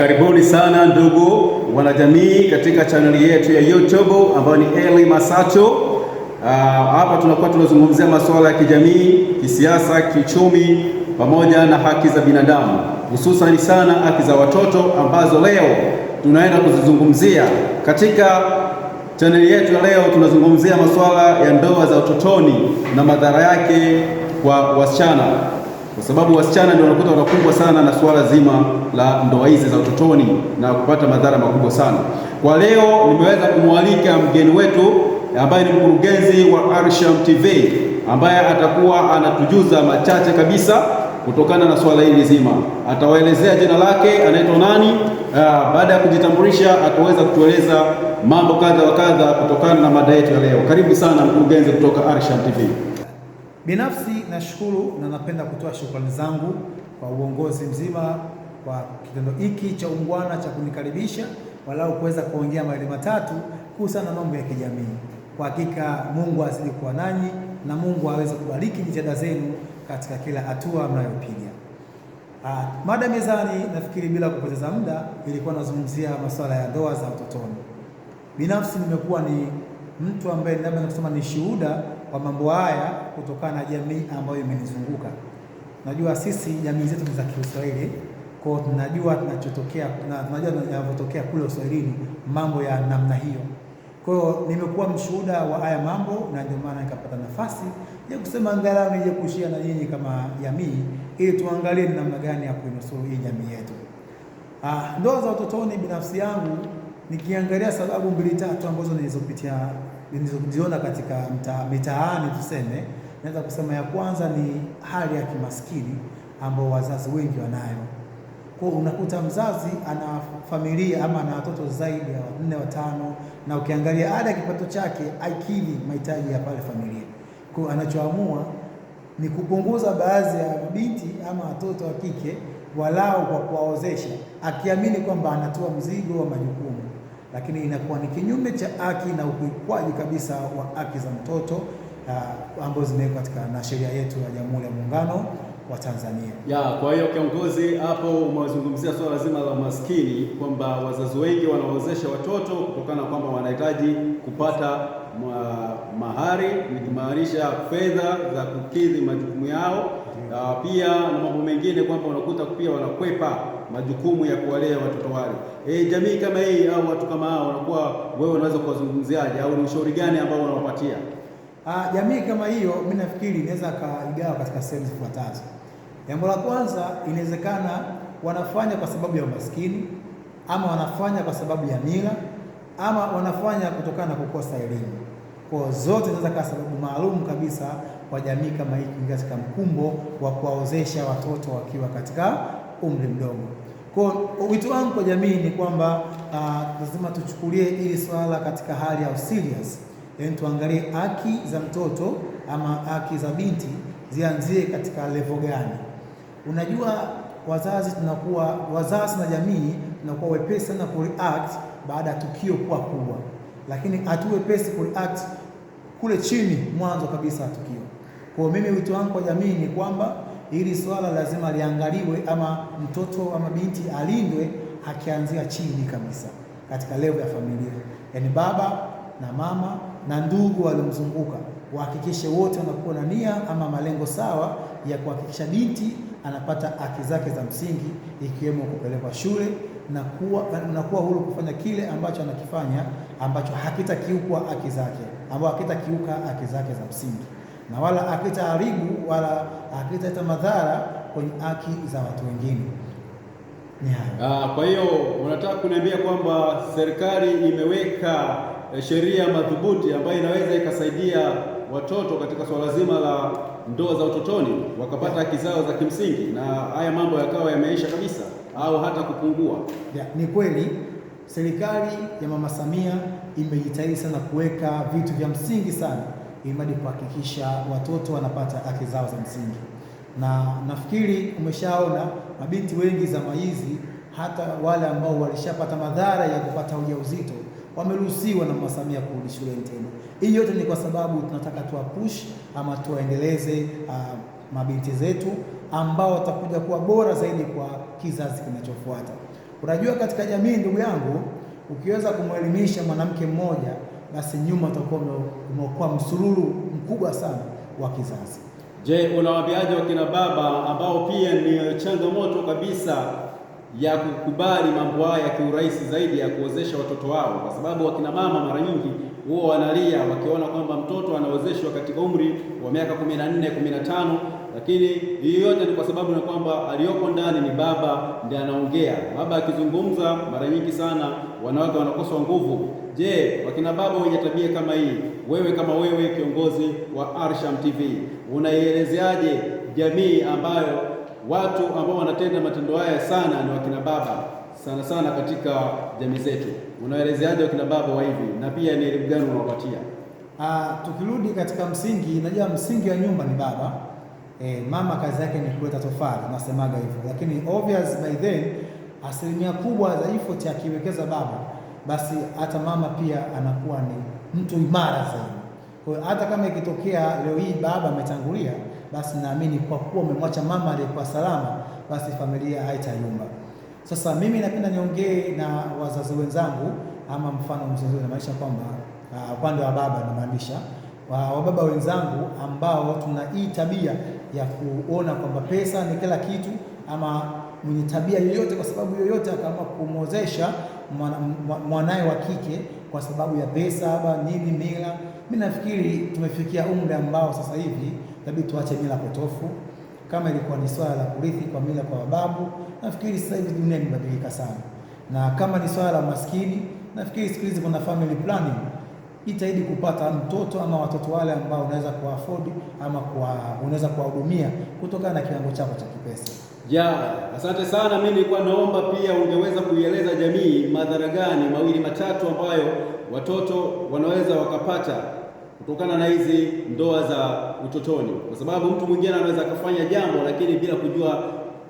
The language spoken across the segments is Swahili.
karibuni sana ndugu wanajamii katika chaneli yetu ya YouTube ambayo ni Eli Masato. Ah, hapa tunakuwa tunazungumzia masuala ya kijamii, kisiasa, kiuchumi pamoja na haki za binadamu, hususani sana haki za watoto ambazo leo tunaenda kuzizungumzia katika chaneli yetu ya leo. Tunazungumzia masuala ya ndoa za utotoni na madhara yake kwa wasichana kwa sababu wasichana ndio wanakuta wanakumbwa sana na suala zima la ndoa hizi za utotoni na kupata madhara makubwa sana. Kwa leo nimeweza kumwalika mgeni wetu ambaye ni mkurugenzi wa Arsham TV ambaye atakuwa anatujuza machache kabisa kutokana na swala hili zima. Atawaelezea jina lake, anaitwa nani. Baada ya kujitambulisha, ataweza kutueleza mambo kadha wa kadha kutokana na mada yetu ya leo. Karibu sana mkurugenzi kutoka Arsham TV. Binafsi nashukuru na napenda kutoa shukrani zangu kwa uongozi mzima kwa kitendo hiki cha ungwana cha kunikaribisha walau kuweza kuongea mawili matatu kuhusiana na mambo ya kijamii. Kwa hakika Mungu azidi kuwa nanyi na Mungu aweze kubariki jitihada zenu katika kila hatua mnayopiga. Ah, mada mezani, nafikiri bila kupoteza muda, ilikuwa nazungumzia masuala ya ndoa za utotoni. Binafsi nimekuwa ni mtu ambaye labda nakusema ni shuhuda kwa mambo haya kutokana na jamii ambayo imenizunguka. Najua sisi jamii zetu ni za Kiswahili, kwa hiyo tunajua tunachotokea, tunajua tunavyotokea kule Uswahilini mambo ya namna hiyo. Kwa hiyo nimekuwa mshuhuda wa haya mambo, na ndio maana nikapata nafasi ya kusema angalau nije kushia na nyinyi kama jamii, ili tuangalie ni namna gani ya kuinusuru hii jamii yetu. Ah, ndoa za utotoni, binafsi yangu nikiangalia sababu mbili tatu ambazo nilizopitia nilizoziona katika mitaani tuseme, naweza kusema ya kwanza ni hali ya kimaskini ambao wazazi wengi wanayo. Kwa unakuta mzazi ana familia ama ana watoto zaidi ya wanne watano, na ukiangalia ada ya kipato chake haikidhi mahitaji ya pale familia. Kwa anachoamua ni kupunguza baadhi ya binti ama watoto wa kike walau kwa kuwaozesha, akiamini kwamba anatoa mzigo wa majukumu lakini inakuwa ni kinyume cha haki na ukiukwaji kabisa wa haki za mtoto uh, ambazo zimewekwa katika na sheria yetu ya Jamhuri ya Muungano wa Tanzania. Ya, kwa hiyo kiongozi, hapo umezungumzia suala zima la umaskini kwamba wazazi wengi wanawawezesha watoto kutokana kwamba wanahitaji kupata ma ah, mahari nikimaanisha fedha za kukidhi majukumu yao uh, pia na mambo mengine kwamba unakuta pia wanakwepa majukumu ya kuwalea watoto wale. E, jamii kama hii au watu kama hao wanakuwa wewe unaweza kuwazungumziaje au ni ushauri gani ambao unawapatia? Ah, jamii kama hiyo mimi nafikiri inaweza kaigawa katika sehemu zifuatazo. Jambo la kwanza, inawezekana wanafanya kwa sababu ya umaskini ama wanafanya kwa sababu ya mila ama wanafanya kutokana na kukosa elimu. Kwa zote zinaweza kuwa sababu maalum kabisa kwa jamii kama hii kuingia katika mkumbo wa kuwaozesha watoto wakiwa katika umri mdogo. Kwa wito wangu kwa jamii ni kwamba ah, lazima uh, tuchukulie ili swala katika hali ya serious, yaani tuangalie haki za mtoto ama haki za binti zianzie katika level gani. Unajua, wazazi tunakuwa wazazi na jamii tunakuwa wepesi sana kureact baada ya tukio kuwa kubwa, lakini hatuwepesi kureact kule chini mwanzo kabisa tukio. Kwa mimi wito wangu kwa jamii ni kwamba hili swala lazima liangaliwe, ama mtoto ama binti alindwe akianzia chini kabisa katika level ya familia, yaani baba na mama na ndugu waliomzunguka wahakikishe wote wanakuwa na nia ama malengo sawa ya kuhakikisha binti anapata haki zake za msingi ikiwemo kupelekwa shule na kuwa, na kuwa huru kufanya kile ambacho anakifanya ambacho hakitakiukwa haki zake ambao akitakiuka haki zake za msingi na wala hakitaharibu wala hakitaleta madhara kwenye haki za watu wengine. Ni hayo. Ah, kwa hiyo unataka kuniambia kwamba serikali imeweka eh, sheria madhubuti ambayo inaweza ikasaidia watoto katika swala zima la ndoa za utotoni wakapata haki yeah, zao za kimsingi na haya mambo yakawa yameisha kabisa au hata kupungua. Yeah, ni kweli Serikali ya Mama Samia imejitahidi sana kuweka vitu vya msingi sana ili kuhakikisha watoto wanapata haki zao za msingi, na nafikiri umeshaona mabinti wengi zama hizi, hata wale ambao walishapata madhara ya kupata ujauzito wameruhusiwa na Mama Samia kurudi shuleni tena. Hii yote ni kwa sababu tunataka tuwapush ama tuwaendeleze uh, mabinti zetu ambao watakuja kuwa bora zaidi kwa kizazi kinachofuata. Unajua, katika jamii, ndugu yangu, ukiweza kumwelimisha mwanamke mmoja, basi nyuma utakuwa umeokoa msururu mkubwa sana wa kizazi. Je, unawaambiaje wakina baba ambao pia ni changamoto kabisa ya kukubali mambo haya kiurahisi zaidi ya kuozesha watoto wao, kwa sababu wakina mama mara nyingi huwa wanalia wakiona kwamba mtoto anaozeshwa katika umri wa miaka 14, 15, lakini hiyo yote ni kwa sababu na kwamba aliyoko ndani ni baba ndiye anaongea. Baba akizungumza mara nyingi sana wanawake wanakosa nguvu. Je, wakina baba wenye tabia kama hii, wewe kama wewe kiongozi wa Arsham TV, unaielezeaje jamii ambayo watu ambao wanatenda matendo haya sana ni wakina baba sana sana katika jamii zetu. Unaelezeaje wakina baba wa hivi, na pia ni elimu gani unawapatia? Ah, tukirudi katika msingi, najua msingi wa nyumba ni baba e, mama kazi yake ni kuleta tofali, nasemaga hivyo, lakini obvious by then asilimia kubwa za cha akiwekeza baba, basi hata mama pia anakuwa ni mtu imara zaidi. Kwa hiyo hata kama ikitokea leo hii baba ametangulia basi naamini kwa kuwa umemwacha mama aliyekuwa salama, basi familia haitayumba. Sasa mimi napenda niongee na wazazi wenzangu, ama mfano mzuri, namaanisha kwamba ah, upande wa baba namaanisha wababa wenzangu ambao tuna hii tabia ya kuona kwamba pesa ni kila kitu, ama mwenye tabia yoyote kwa sababu yoyote akaamua kumwozesha mwanaye wa kike kwa sababu ya pesa ama nini mila. Mimi nafikiri tumefikia umri ambao sasa hivi inabidi tuache mila potofu. Kama ilikuwa ni swala la kurithi kwa mila kwa babu, nafikiri sasa hivi dunia imebadilika sana, na kama ni swala la maskini, nafikiri siku hizi kuna family planning. Jitahidi kupata mtoto ama watoto wale ambao unaweza kuafford ama unaweza kuwahudumia kutokana na kiwango chako cha kipesa. Ya, asante sana. Mimi nilikuwa naomba pia ungeweza kuieleza jamii madhara gani mawili matatu ambayo watoto wanaweza wakapata kutokana na hizi ndoa za utotoni, kwa sababu mtu mwingine anaweza akafanya jambo lakini bila kujua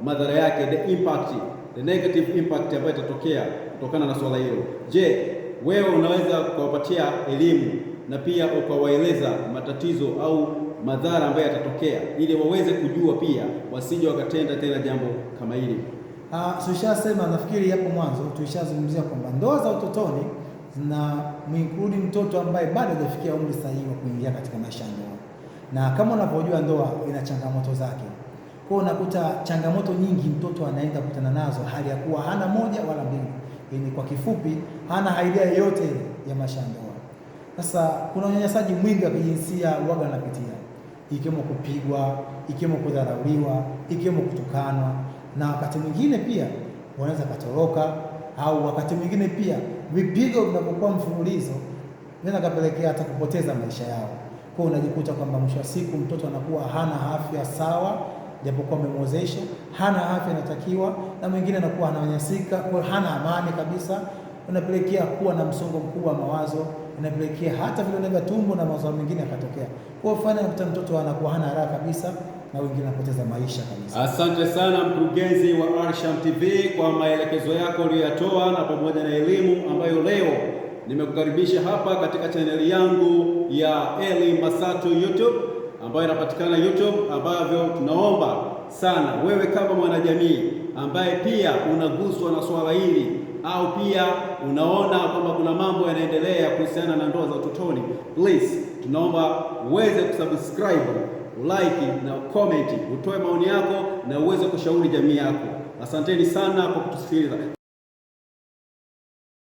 madhara yake, the impact, the negative impact ambayo itatokea kutokana na swala hilo. Je, wewe unaweza ukawapatia elimu na pia ukawaeleza matatizo au madhara ambayo yatatokea ili waweze kujua pia wasije wakatenda tena jambo kama hili? Ah, tulishasema nafikiri hapo mwanzo tulishazungumzia kwamba ndoa za utotoni zinamwinkudi mtoto ambaye bado hajafikia umri sahihi wa kuingia katika maisha ya ndoa, na kama unavyojua ndoa ina changamoto zake. Kwa hiyo unakuta changamoto nyingi mtoto anaenda kukutana nazo hali ya kuwa hana moja wala mbili, yaani kwa kifupi hana idea yoyote ya maisha ya ndoa. Sasa kuna unyanyasaji mwingi wa kijinsia waga wanapitia, ikiwemo kupigwa, ikiwemo kudharauliwa, ikiwemo kutukanwa, na wakati mwingine pia wanaweza katoroka, au wakati mwingine pia vipigo vinapokuwa mfululizo vinaweza kapelekea hata kupoteza maisha yao. Kwa hiyo unajikuta kwamba mwisho wa siku mtoto anakuwa hana afya sawa, japokuwa umemwozesha, hana afya inatakiwa, na mwingine anakuwa ananyanyasika, kwa hiyo hana amani kabisa, unapelekea kuwa na msongo mkubwa wa mawazo, unapelekea hata vidonda vya tumbo na mawazo mengine yakatokea. Kwa hiyo fanya kuta mtoto anakuwa hana raha kabisa na wengine wanapoteza maisha kabisa. Asante sana mkurugenzi wa Arsham TV kwa maelekezo yako uliyoyatoa na pamoja na elimu ambayo leo nimekukaribisha hapa katika chaneli yangu ya Eli Masato YouTube ambayo inapatikana YouTube, ambavyo tunaomba sana wewe kama mwanajamii ambaye pia unaguswa na swala hili au pia unaona kwamba kuna mambo yanaendelea kuhusiana na ndoa za utotoni, please tunaomba uweze kusubscribe ulike na ukomenti, utoe maoni yako na uweze kushauri jamii yako. Asanteni sana kwa kutusikiliza.